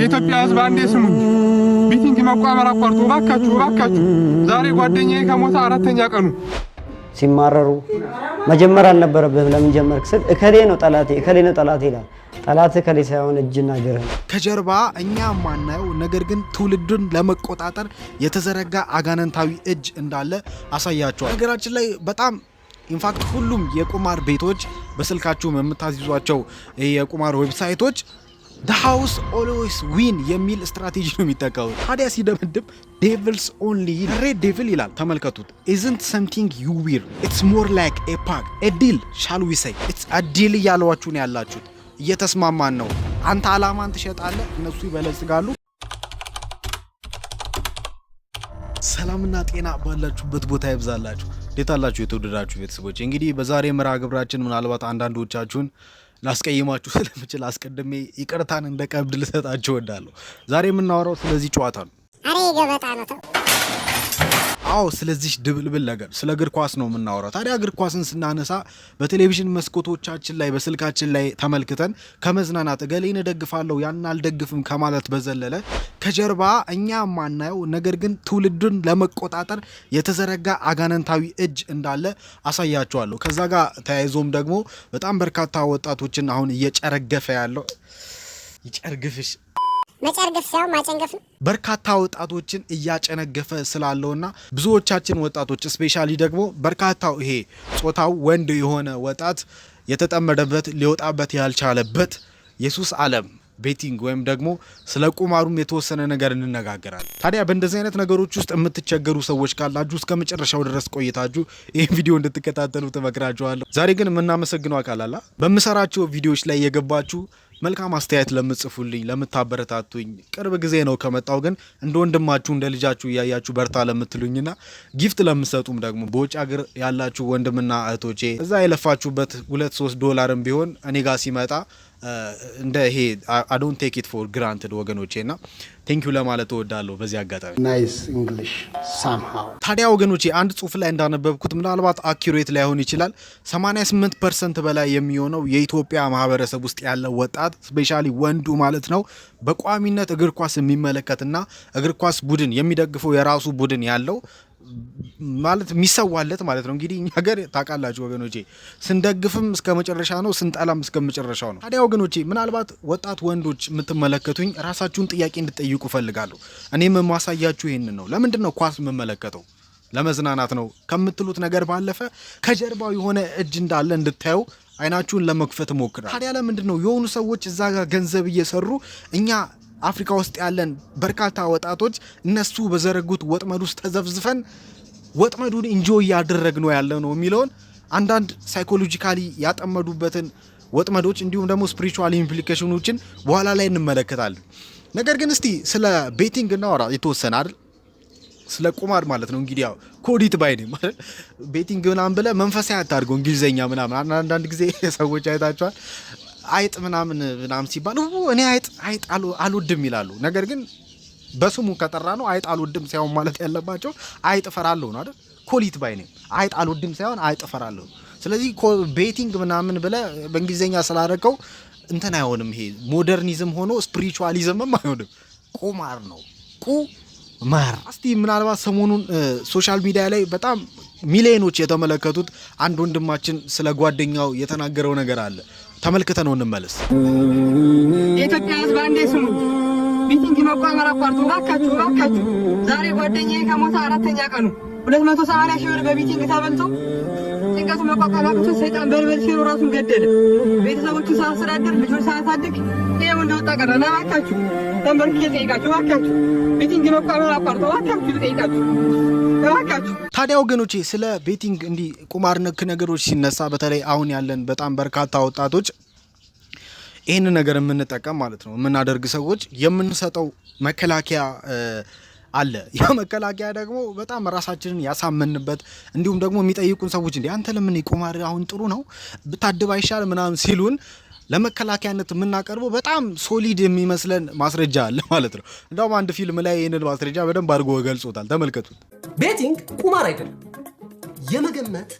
የኢትዮጵያ ሕዝብ አንዴ ስሙኝ። ሚቲንግ መቋመር አቋርጡ እባካችሁ፣ እባካችሁ። ዛሬ ጓደኛዬ ከሞተ አራተኛ ቀኑ። ሲማረሩ መጀመር አልነበረብህም። ለምን ጀመርክ ስል እከሌ ነው ጠላቴ፣ እከሌ ነው ጠላቴ ይላል። ጠላት እከሌ ሳይሆን እጅና እግርህ ነው። ከጀርባ እኛ ማናየው ነገር ግን ትውልዱን ለመቆጣጠር የተዘረጋ አጋነንታዊ እጅ እንዳለ አሳያቸዋል። ነገራችን ላይ በጣም ኢንፋክት ሁሉም የቁማር ቤቶች በስልካችሁም የምታዝዟቸው የቁማር ዌብሳይቶች ሀውስ ኦልዌይስ ዊን የሚል ስትራቴጂ ነው የሚጠቀሙት። ታዲያ ሲደመድም ዴቪልስ ኦንሊ ሬድ ዴቪል ይላል። ተመልከቱት። ኢዝንት ሰምቲንግ ዩ ዊር ኢትስ ሞር ላይክ ኤ ፓክት ኤ ዲል ሻል ዊ ሰይ ኢትስ አዲል እያለዋችሁ ነው ያላችሁት። እየተስማማን ነው። አንተ አላማን ትሸጣለህ፣ እነሱ ይበለጽጋሉ። ሰላምና ጤና ባላችሁበት ቦታ ይብዛላችሁ። እንዴት አላችሁ የተወደዳችሁ ቤተሰቦች? እንግዲህ በዛሬ መርሃ ግብራችን ምናልባት አንዳንዶቻችሁን ላስቀይማችሁ ስለምችል አስቀድሜ ይቅርታን እንደ ቀብድ ልሰጣችሁ እወዳለሁ። ዛሬ የምናወራው ስለዚህ ጨዋታ ነው። አሬ ገበጣ ነው። አዎ ስለዚህ ድብልብል ነገር ስለ እግር ኳስ ነው የምናወራው። ታዲያ እግር ኳስን ስናነሳ በቴሌቪዥን መስኮቶቻችን ላይ በስልካችን ላይ ተመልክተን ከመዝናናት እገሌን እደግፋለሁ ያን አልደግፍም ከማለት በዘለለ ከጀርባ እኛ የማናየው ነገር ግን ትውልዱን ለመቆጣጠር የተዘረጋ አጋነንታዊ እጅ እንዳለ አሳያችኋለሁ። ከዛ ጋር ተያይዞም ደግሞ በጣም በርካታ ወጣቶችን አሁን እየጨረገፈ ያለው ይጨርግፍሽ መጨርገፍ ሳይሆን ማጨንገፍ ነው። በርካታ ወጣቶችን እያጨነገፈ ስላለውና ብዙዎቻችን ወጣቶች ስፔሻሊ ደግሞ በርካታው ይሄ ጾታው ወንድ የሆነ ወጣት የተጠመደበት ሊወጣበት ያልቻለበት የሱስ ዓለም ቤቲንግ ወይም ደግሞ ስለ ቁማሩም የተወሰነ ነገር እንነጋገራለን። ታዲያ በእንደዚህ አይነት ነገሮች ውስጥ የምትቸገሩ ሰዎች ካላችሁ እስከ መጨረሻው ድረስ ቆይታችሁ ይህን ቪዲዮ እንድትከታተሉ ትመክራችኋለሁ። ዛሬ ግን የምናመሰግነው አካል አላ በምሰራቸው ቪዲዮዎች ላይ የገባችሁ መልካም አስተያየት ለምጽፉልኝ፣ ለምታበረታቱኝ ቅርብ ጊዜ ነው ከመጣው ግን እንደ ወንድማችሁ እንደ ልጃችሁ እያያችሁ በርታ ለምትሉኝና ጊፍት ለምሰጡም ደግሞ በውጭ ሀገር ያላችሁ ወንድምና እህቶቼ እዛ የለፋችሁበት ሁለት ሶስት ዶላርም ቢሆን እኔ ጋር ሲመጣ እንደ ይሄ አዶንት ቴክ ኢት ፎር ግራንትድ ወገኖቼ ና ቴንኪዩ ለማለት እወዳለሁ በዚህ አጋጣሚ። ናይስ እንግሊሽ ሳምሃው። ታዲያ ወገኖቼ አንድ ጽሁፍ ላይ እንዳነበብኩት ምናልባት አኪሬት ላይሆን ይችላል 88 ፐርሰንት በላይ የሚሆነው የኢትዮጵያ ማህበረሰብ ውስጥ ያለው ወጣት ስፔሻሊ ወንዱ ማለት ነው በቋሚነት እግር ኳስ የሚመለከትና እግር ኳስ ቡድን የሚደግፈው የራሱ ቡድን ያለው ማለት የሚሰዋለት ማለት ነው። እንግዲህ እኛ ሀገር ታውቃላችሁ ወገኖቼ፣ ስንደግፍም እስከ መጨረሻ ነው፣ ስንጠላም እስከ መጨረሻው ነው። ታዲያ ወገኖቼ ምናልባት ወጣት ወንዶች የምትመለከቱኝ ራሳችሁን ጥያቄ እንድጠይቁ እፈልጋለሁ። እኔም የማሳያችሁ ይህንን ነው። ለምንድን ነው ኳስ የምመለከተው? ለመዝናናት ነው ከምትሉት ነገር ባለፈ ከጀርባው የሆነ እጅ እንዳለ እንድታዩ አይናችሁን ለመክፈት ሞክራል። ታዲያ ለምንድን ነው የሆኑ ሰዎች እዛ ጋር ገንዘብ እየሰሩ እኛ አፍሪካ ውስጥ ያለን በርካታ ወጣቶች እነሱ በዘረጉት ወጥመድ ውስጥ ተዘፍዝፈን ወጥመዱን እንጆ እያደረግ ነው ያለ ነው የሚለውን አንዳንድ ሳይኮሎጂካሊ ያጠመዱበትን ወጥመዶች እንዲሁም ደግሞ ስፒሪቹዋል ኢምፕሊኬሽኖችን በኋላ ላይ እንመለከታለን። ነገር ግን እስቲ ስለ ቤቲንግ እናወራ የተወሰነ አይደል፣ ስለ ቁማር ማለት ነው። እንግዲህ ያው ኮዲት ባይ ቤቲንግ ምናምን ብለህ መንፈሳዊ አታድርገው እንግሊዝኛ ምናምን አንዳንድ ጊዜ ሰዎች አይታችኋል። አይጥ ምናምን ምናምን ሲባል እኔ አይጥ አይጥ አልወድም ይላሉ። ነገር ግን በስሙ ከጠራ ነው አይጥ አልወድም ሳይሆን ማለት ያለባቸው አይጥ እፈራለሁ ነው አይደል? ኮሊት ባይ ነኝ አይጥ አልወድም ሳይሆን አይጥ እፈራለሁ። ስለዚህ ቤቲንግ ምናምን ብለ በእንግሊዝኛ ስላደረገው እንትን አይሆንም። ይሄ ሞደርኒዝም ሆኖ ስፒሪቹዋሊዝምም አይሆንም። ቁማር ነው ቁ ማር እስቲ ምናልባት ሰሞኑን ሶሻል ሚዲያ ላይ በጣም ሚሊዮኖች የተመለከቱት አንድ ወንድማችን ስለ ጓደኛው የተናገረው ነገር አለ። ተመልክተ ነው እንመለስ። የኢትዮጵያ ሕዝብ አንዴ ስሙ። ሚቲንግ መቋመር አቋርጡ እባካችሁ፣ እባካችሁ። ዛሬ ጓደኛዬ ከሞተ አራተኛ ቀኑ ሁለት መቶ ሰማንያ ሺህ ብር በሚቲንግ ተበልቶ ጭንቀቱ መቋቋም አቅቶት ሰይጣን በልበል ሲሉ ራሱን ገደለ። ቤተሰቦቹ ሳያስተዳድር ልጆች ሳያሳድግ ሳይመጣ ቀረና እባካችሁ ተንበርክኬ ልጠይቃችሁ፣ እባካችሁ ቤቲንግ መቋመር አቋርጠው እባካችሁ ልጠይቃችሁ፣ እባካችሁ። ታዲያ ወገኖቼ ስለ ቤቲንግ እንዲህ ቁማር ነክ ነገሮች ሲነሳ በተለይ አሁን ያለን በጣም በርካታ ወጣቶች ይህንን ነገር የምንጠቀም ማለት ነው የምናደርግ ሰዎች የምንሰጠው መከላከያ አለ ያ መከላከያ ደግሞ በጣም ራሳችንን ያሳመንበት እንዲሁም ደግሞ የሚጠይቁን ሰዎች እንዲ አንተ ለምን ቁማር አሁን ጥሩ ነው ብታድብ አይሻል ምናምን ሲሉን ለመከላከያነት የምናቀርበው በጣም ሶሊድ የሚመስለን ማስረጃ አለ ማለት ነው። እንደውም አንድ ፊልም ላይ ይህንን ማስረጃ በደንብ አድርጎ ገልጾታል። ተመልከቱት። ቤቲንግ ቁማር አይደለም፣ የመገመት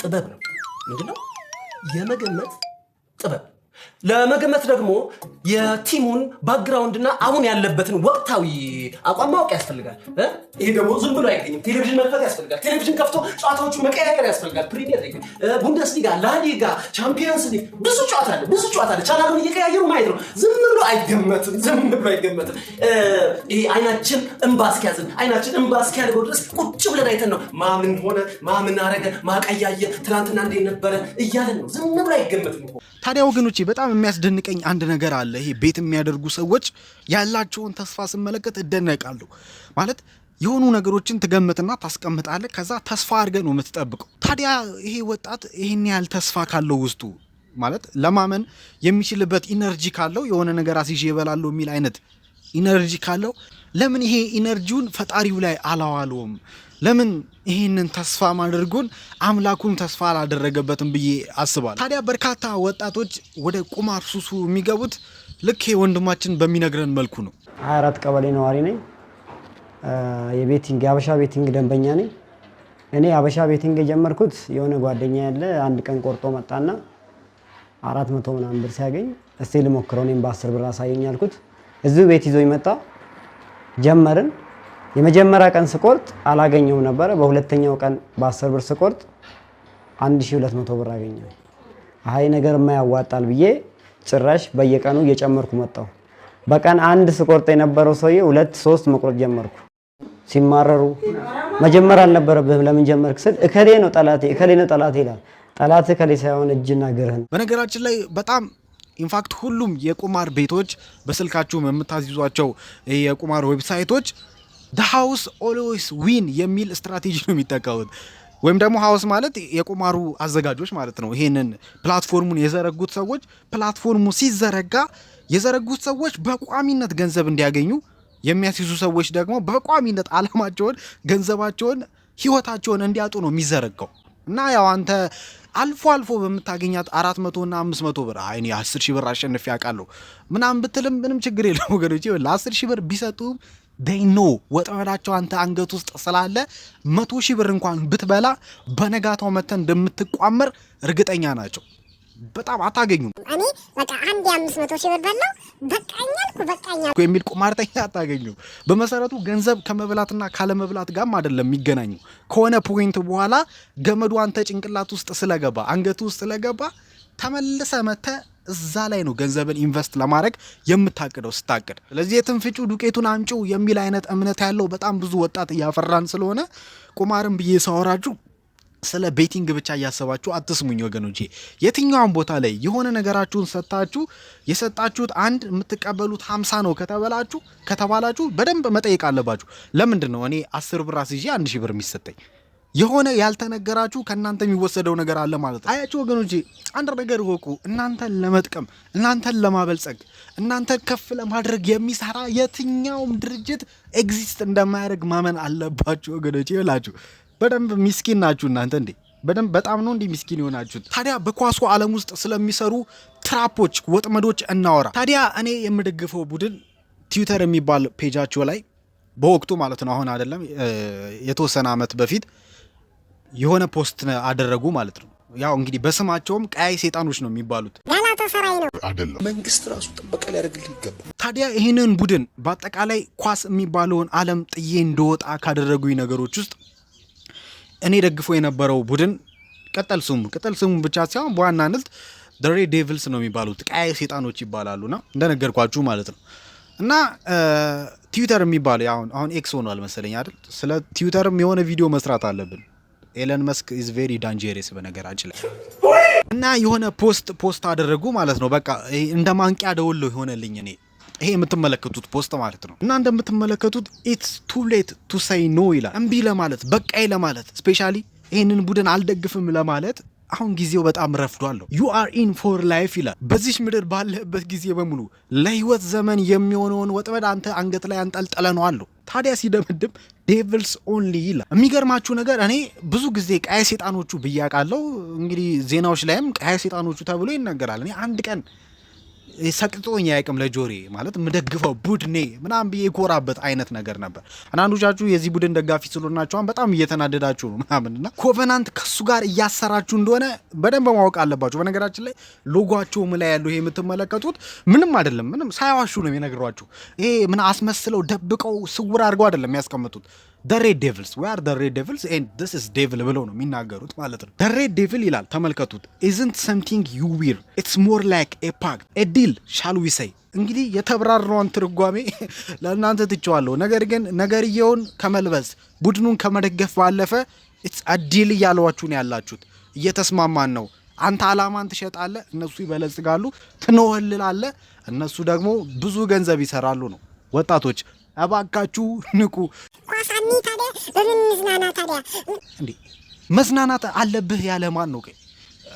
ጥበብ ነው። ምንድነው የመገመት ጥበብ? ለመገመት ደግሞ የቲሙን ባክግራውንድና አሁን ያለበትን ወቅታዊ አቋም ማወቅ ያስፈልጋል። ይሄ ደግሞ ዝም ብሎ አይገኝም። ቴሌቪዥን መክፈት ያስፈልጋል። ቴሌቪዥን ከፍቶ ጨዋታዎቹ መቀያቀር ያስፈልጋል። ፕሪሚየር ሊግ፣ ቡንደስሊጋ፣ ላሊጋ፣ ቻምፒየንስ ሊግ ብዙ ጨዋታ አለ፣ ብዙ ጨዋታ አለ። ቻናሉን እየቀያየሩ ማየት ነው። ዝም ብሎ አይገመትም። ዝም ብሎ አይገመትም። ይሄ አይናችን እንባ እስኪያዝን አይናችን እንባ እስኪያደርገው ድረስ ቁጭ ብለን አይተን ነው ማምን ሆነ ማምን አረገ ማቀያየ ትናንትና እንዴት ነበረ እያለን ነው። ዝም ብሎ አይገመትም። ታዲያ ወገኖቼ በጣም የሚያስደንቀኝ አንድ ነገር አለ። ይሄ ቤት የሚያደርጉ ሰዎች ያላቸውን ተስፋ ስመለከት እደነቃለሁ። ማለት የሆኑ ነገሮችን ትገምትና ታስቀምጣለህ። ከዛ ተስፋ አድርገህ ነው የምትጠብቀው። ታዲያ ይሄ ወጣት ይህን ያህል ተስፋ ካለው ውስጡ ማለት ለማመን የሚችልበት ኢነርጂ ካለው የሆነ ነገር አስይዤ እበላለሁ የሚል አይነት ኢነርጂ ካለው ለምን ይሄ ኢነርጂውን ፈጣሪው ላይ አላዋለውም? ለምን ይህንን ተስፋ ማድረጉን አምላኩን ተስፋ አላደረገበትም ብዬ አስባል። ታዲያ በርካታ ወጣቶች ወደ ቁማር ሱሱ የሚገቡት ልክ ወንድማችን በሚነግረን መልኩ ነው። 24 ቀበሌ ነዋሪ ነኝ። የቤቲንግ የአበሻ ቤቲንግ ደንበኛ ነኝ። እኔ አበሻ ቤቲንግ የጀመርኩት የሆነ ጓደኛ ያለ አንድ ቀን ቆርጦ መጣና አራት መቶ ምናምን ብር ሲያገኝ እስቴ ልሞክረው እኔም በአስር ብር አሳየኝ አልኩት። እዚሁ ቤት ይዞኝ መጣ። ጀመርን። የመጀመሪያ ቀን ስቆርጥ አላገኘውም ነበረ። በሁለተኛው ቀን በአስር ብር ስቆርጥ መቶ ብር አገኘ። አይ ነገር የማያዋጣል ብዬ ጭራሽ በየቀኑ እየጨመርኩ መጣሁ። በቀን አንድ ስቆርጥ የነበረው ሰውዬ ሁለት ሶስት መቁረጥ ጀመርኩ። ሲማረሩ መጀመር አልነበረብህም ለምን ጀመርክ ስል እከሌ ነው ጠላቴ፣ እከሌ ነው ጠላቴ ይላል። ጠላት እከሌ ሳይሆን እጅና እግርህን። በነገራችን ላይ በጣም ኢንፋክት ሁሉም የቁማር ቤቶች በስልካችሁም የምታዚዟቸው የቁማር ዌብሳይቶች ደሃውስ ሃውስ ኦልዌይስ ዊን የሚል ስትራቴጂ ነው የሚጠቀሙት። ወይም ደግሞ ሀውስ ማለት የቁማሩ አዘጋጆች ማለት ነው። ይሄንን ፕላትፎርሙን የዘረጉት ሰዎች ፕላትፎርሙ ሲዘረጋ የዘረጉት ሰዎች በቋሚነት ገንዘብ እንዲያገኙ የሚያስይዙ ሰዎች ደግሞ በቋሚነት አላማቸውን፣ ገንዘባቸውን፣ ህይወታቸውን እንዲያጡ ነው የሚዘረጋው እና ያው አንተ አልፎ አልፎ በምታገኛት አራት መቶ እና አምስት መቶ ብር አይኔ አስር ሺህ ብር አሸንፌ አውቃለሁ ምናምን ብትልም ምንም ችግር የለም ወገኖች። ለአስር ሺህ ብር ቢሰጡም ዴይ ኖ ወጥመዳቸው አንተ አንገት ውስጥ ስላለ መቶ ሺህ ብር እንኳን ብትበላ በነጋታው መተን እንደምትቋመር እርግጠኛ ናቸው። በጣም አታገኙም። እኔ በቃ አንድ የአምስት መቶ ሺህ ብር በላው በቃኝ አልኩ የሚል ቁማርተኛ አታገኙም። በመሰረቱ ገንዘብ ከመብላትና ካለመብላት ጋርም አይደለም የሚገናኙ። ከሆነ ፖይንት በኋላ ገመዱ አንተ ጭንቅላት ውስጥ ስለገባ አንገት ውስጥ ስለገባ ተመልሰ መተ እዛ ላይ ነው ገንዘብን ኢንቨስት ለማድረግ የምታቅደው ስታቅድ። ስለዚህ ፍጩ ዱቄቱን አምጩ የሚል አይነት እምነት ያለው በጣም ብዙ ወጣት እያፈራን ስለሆነ ቁማርን ብዬ ሳወራችሁ ስለ ቤቲንግ ብቻ እያሰባችሁ አትስሙኝ ወገኖቼ። የትኛውም ቦታ ላይ የሆነ ነገራችሁን ሰጥታችሁ የሰጣችሁት አንድ የምትቀበሉት ሀምሳ ነው ከተበላችሁ ከተባላችሁ በደንብ መጠየቅ አለባችሁ። ለምንድን ነው እኔ አስር ብር አስይዤ አንድ ሺህ ብር የሚሰጠኝ? የሆነ ያልተነገራችሁ ከእናንተ የሚወሰደው ነገር አለ ማለት ነው። አያችሁ ወገኖቼ፣ አንድ ነገር እወቁ። እናንተን ለመጥቀም፣ እናንተን ለማበልጸግ፣ እናንተን ከፍ ለማድረግ የሚሰራ የትኛውም ድርጅት ኤግዚስት እንደማያደርግ ማመን አለባችሁ ወገኖቼ። ይላችሁ በደንብ ሚስኪን ናችሁ እናንተ እንዴ! በደንብ በጣም ነው እንዲህ ሚስኪን የሆናችሁት። ታዲያ በኳሱ ዓለም ውስጥ ስለሚሰሩ ትራፖች፣ ወጥመዶች እናወራ። ታዲያ እኔ የምደግፈው ቡድን ትዊተር የሚባል ፔጃቸው ላይ በወቅቱ ማለት ነው አሁን አይደለም የተወሰነ ዓመት በፊት የሆነ ፖስት አደረጉ ማለት ነው። ያው እንግዲህ በስማቸውም ቀያይ ሴጣኖች ነው የሚባሉት። አይደለም፣ መንግስት ራሱ ጥበቃ ሊያደርግልህ ይገባል። ታዲያ ይህንን ቡድን በአጠቃላይ ኳስ የሚባለውን ዓለም ጥዬ እንደወጣ ካደረጉኝ ነገሮች ውስጥ እኔ ደግፎ የነበረው ቡድን ቅጽል ስሙ ቅጽል ስሙ ብቻ ሳይሆን በዋናነት ደሬ ዴቪልስ ነው የሚባሉት። ቀያይ ሴጣኖች ይባላሉና እንደነገርኳችሁ ማለት ነው እና ትዊተር የሚባለው አሁን ኤክስ ሆኗል መሰለኝ አይደል? ስለ ትዊተርም የሆነ ቪዲዮ መስራት አለብን። ኤለን መስክ ኢዝ ቬሪ ዳንጀሬስ በነገራችን ላይ እና የሆነ ፖስት ፖስት አደረጉ ማለት ነው። በቃ እንደ ማንቂያ ደወል የሆነልኝ እኔ ይሄ የምትመለከቱት ፖስት ማለት ነው። እና እንደምትመለከቱት ኢትስ ቱ ሌት ቱ ሳይ ኖ ይላል። እምቢ ለማለት በቃይ ለማለት ስፔሻሊ ይህንን ቡድን አልደግፍም ለማለት አሁን ጊዜው በጣም ረፍዷል ነው። ዩ አር ኢን ፎር ላይፍ ይላል። በዚች ምድር ባለህበት ጊዜ በሙሉ ለህይወት ዘመን የሚሆነውን ወጥመድ አንተ አንገት ላይ አንጠልጠለ ነው አለው። ታዲያ ሲደመድም ዴቪልስ ኦንሊ ይላል። የሚገርማችሁ ነገር እኔ ብዙ ጊዜ ቀያይ ሴጣኖቹ ብያቃለው። እንግዲህ ዜናዎች ላይም ቀያ ሴጣኖቹ ተብሎ ይነገራል። እኔ አንድ ቀን ሰቅጦኝ አያውቅም። ለጆሬ ማለት የምደግፈው ቡድኔ ምናምን ብዬ የኮራበት አይነት ነገር ነበር። አንዳንዶቻችሁ የዚህ ቡድን ደጋፊ ስለሆናችኋን በጣም እየተናደዳችሁ ነው ምናምን እና ኮቨናንት ከሱ ጋር እያሰራችሁ እንደሆነ በደንብ ማወቅ አለባችሁ። በነገራችን ላይ ሎጓቸው ላይ ያለው የምትመለከቱት ምንም አይደለም። ምንም ሳያዋሹ ነው የነግሯችሁ። ይሄ ምን አስመስለው ደብቀው ስውር አድርገው አይደለም የሚያስቀምጡት ሬድ ዴቪልስ ዌአር ሬድ ዴቪልስ ኤንድ ዲስ ኢዝ ዴቪል ብለው ነው የሚናገሩት ማለት ነው። ሬድ ዴቪል ይላል ተመልከቱት። ኢዝንት ሰምቲንግ ዩ ዊር ኢትስ ሞር ላይክ ኤ ፓክት ኤ ዲል ሻል ዊ ሰይ እንግዲህ የተብራራውን ትርጓሜ ለእናንተ ትቼዋለሁ። ነገር ግን ነገርየውን ከመልበስ ቡድኑን ከመደገፍ ባለፈ ኢትስ ዲል እያለዋችሁ ነው ያላችሁት። እየተስማማን ነው። አንተ አላማን ትሸጣለ፣ እነሱ ይበለጽጋሉ። ትነወልላለ፣ እነሱ ደግሞ ብዙ ገንዘብ ይሰራሉ ነው ወጣቶች እባካችሁ ንቁ። እንዴ መዝናናት አለብህ ያለ ማን ነው?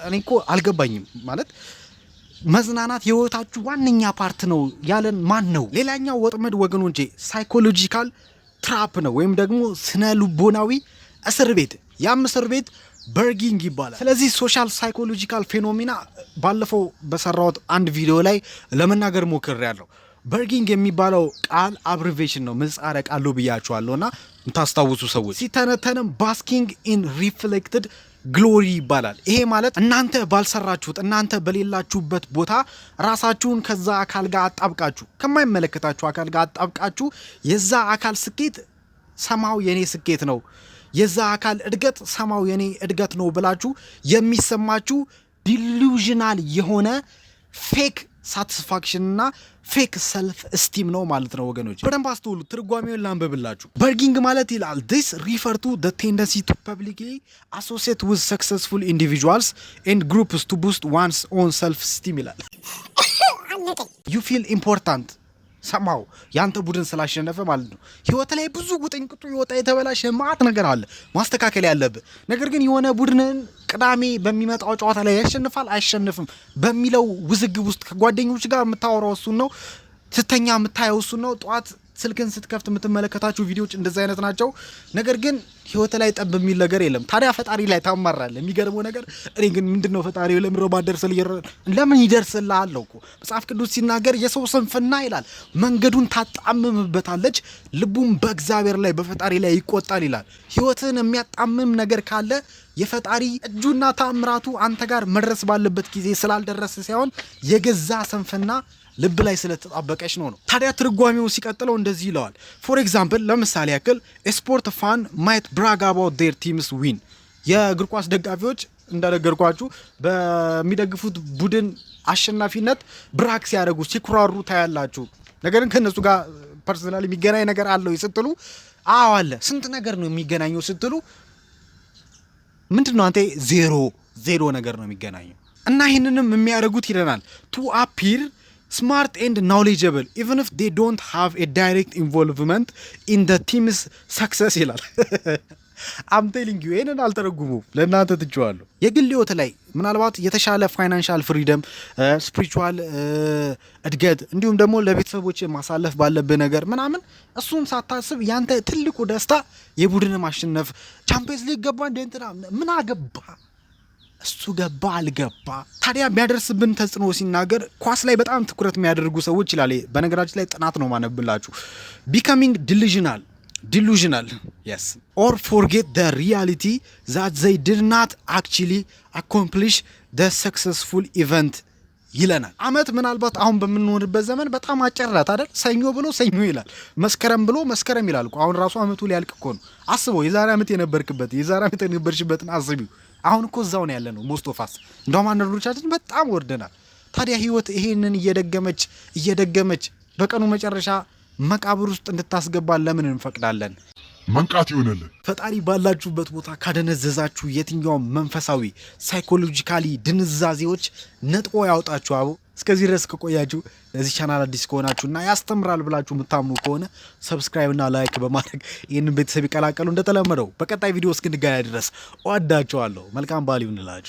እኔ እኮ አልገባኝም። ማለት መዝናናት የህይወታችሁ ዋነኛ ፓርት ነው ያለን ማን ነው? ሌላኛው ወጥመድ እንጂ ሳይኮሎጂካል ትራፕ ነው ወይም ደግሞ ስነ ልቦናዊ እስር ቤት። ያም እስር ቤት በርጊንግ ይባላል። ስለዚህ ሶሻል ሳይኮሎጂካል ፌኖሚና ባለፈው በሰራሁት አንድ ቪዲዮ ላይ ለመናገር ሞክሬያለሁ። በርጊንግ የሚባለው ቃል አብሪቬሽን ነው፣ ምጻረ ቃሉ ብያችኋለሁ እና የምታስታውሱ ሰዎች ሲተነተንም ባስኪንግ ኢን ሪፍሌክትድ ግሎሪ ይባላል። ይሄ ማለት እናንተ ባልሰራችሁት እናንተ በሌላችሁበት ቦታ ራሳችሁን ከዛ አካል ጋር አጣብቃችሁ ከማይመለከታችሁ አካል ጋር አጣብቃችሁ የዛ አካል ስኬት ሰማው የኔ ስኬት ነው፣ የዛ አካል እድገት ሰማው የኔ እድገት ነው ብላችሁ የሚሰማችሁ ዲሉዥናል የሆነ ፌክ ሳትስፋክሽን እና ፌክ ሰልፍ ስቲም ነው ማለት ነው ወገኖች፣ በደንብ አስተውሉ። ትርጓሜውን ላንብብላችሁ። በርጊንግ ማለት ይላል ዲስ ሪፈር ቱ ደ ቴንደንሲ ቱ ፐብሊክሊ አሶሲየት ዊዝ ሰክሰስፉል ኢንዲቪጁዋልስ ኤንድ ግሩፕስ ቱ ቡስት ዋንስ ኦን ሰልፍ ስቲም ይላል ዩ ፊል ኢምፖርታንት ሰማው ያንተ ቡድን ስላሸነፈ ማለት ነው። ህይወት ላይ ብዙ ውጥንቅጡ የወጣ የተበላሸ ማት ነገር አለ ማስተካከል ያለብህ ነገር ግን የሆነ ቡድንን ቅዳሜ በሚመጣው ጨዋታ ላይ ያሸንፋል አያሸንፍም በሚለው ውዝግብ ውስጥ ከጓደኞች ጋር የምታወራው እሱን ነው። ስተኛ የምታየው እሱን ነው። ጠዋት ስልክን ስትከፍት የምትመለከታቸው ቪዲዮዎች እንደዚህ አይነት ናቸው። ነገር ግን ህይወት ላይ ጠብ የሚል ነገር የለም። ታዲያ ፈጣሪ ላይ ታማራለ። የሚገርመው ነገር እኔ ግን ምንድን ነው ፈጣሪ ለምሮ ማደርስ ለምን ይደርስልሃለሁ እኮ መጽሐፍ ቅዱስ ሲናገር የሰው ስንፍና ይላል መንገዱን ታጣምምበታለች፣ ልቡም በእግዚአብሔር ላይ በፈጣሪ ላይ ይቆጣል ይላል። ህይወትን የሚያጣምም ነገር ካለ የፈጣሪ እጁና ታምራቱ አንተ ጋር መድረስ ባለበት ጊዜ ስላልደረስ ሳይሆን የገዛ ስንፍና ልብ ላይ ስለተጣበቀች ነው ነው። ታዲያ ትርጓሜው ሲቀጥለው እንደዚህ ይለዋል። ፎር ኤግዛምፕል ለምሳሌ ያክል ስፖርት ፋን ማይት ብራግ አባውት ዴር ቲምስ ዊን የእግር ኳስ ደጋፊዎች እንደነገርኳችሁ በሚደግፉት ቡድን አሸናፊነት ብራክ ሲያደርጉ ሲኩራሩ ታያላችሁ። ነገር ግን ከእነሱ ጋር ፐርሰናል የሚገናኝ ነገር አለው ስትሉ፣ አዎ አለ። ስንት ነገር ነው የሚገናኘው ስትሉ፣ ምንድን ነው አንተ ዜሮ ዜሮ ነገር ነው የሚገናኘው እና ይህንንም የሚያደርጉት ይለናል ቱ አፒር ስማርት ኤንድ ናውሌጀብል ኢቨን ፍ ዴ ዶንት ሃቭ ኤ ዳይሬክት ኢንቮልቭመንት ኢን ደ ቲምስ ሰክሰስ ይላል። አምቴሊንግ ዩ ይህንን አልተረጉሙም፣ ለእናንተ ትችዋለሁ። የግል ህይወት ላይ ምናልባት የተሻለ ፋይናንሻል ፍሪደም፣ ስፒሪቹዋል እድገት እንዲሁም ደግሞ ለቤተሰቦች ማሳለፍ ባለብህ ነገር ምናምን እሱን ሳታስብ ያንተ ትልቁ ደስታ የቡድን ማሸነፍ ቻምፒየንስ ሊግ ገባ እንደ እንትና ምን አገባ እሱ ገባ አልገባ ታዲያ የሚያደርስብን ተጽዕኖ ሲናገር ኳስ ላይ በጣም ትኩረት የሚያደርጉ ሰዎች ይላል። በነገራችን ላይ ጥናት ነው ማነብላችሁ። ቢካሚንግ ዲሊዥናል ዲሉዥናል የስ ኦር ፎርጌት ደ ሪያሊቲ ዛት ዘይ ድድ ናት አክቹሊ አኮምፕሊሽ ደ ሰክሰስፉል ኢቨንት ይለናል። አመት ምናልባት አሁን በምንሆንበት ዘመን በጣም አጭር ናት አይደል? ሰኞ ብሎ ሰኞ ይላል፣ መስከረም ብሎ መስከረም ይላል። አሁን ራሱ አመቱ ሊያልቅ እኮ ነው። አስበው የዛሬ አመት የነበርክበት የዛሬ አመት የነበርሽበትን አስቢው። አሁን እኮ እዛው ነው ያለ ነው ሞስት ኦፍ አስ። እንደውም አንዳንዶቻችን በጣም ወርደናል። ታዲያ ህይወት ይሄንን እየደገመች እየደገመች በቀኑ መጨረሻ መቃብር ውስጥ እንድታስገባን ለምን እንፈቅዳለን? መንቃት ይሆነልን። ፈጣሪ ባላችሁበት ቦታ ካደነዘዛችሁ የትኛውም መንፈሳዊ ሳይኮሎጂካሊ ድንዛዜዎች ነጥቆ ያውጣችሁ አቡ እስከዚህ ድረስ ከቆያችሁ ለዚህ ቻናል አዲስ ከሆናችሁ እና ያስተምራል ብላችሁ የምታምኑ ከሆነ ሰብስክራይብ እና ላይክ በማድረግ ይህንን ቤተሰብ ይቀላቀሉ። እንደተለመደው በቀጣይ ቪዲዮ እስክንገናኝ ድረስ እወዳችኋለሁ። መልካም በዓል ይሁንላችሁ።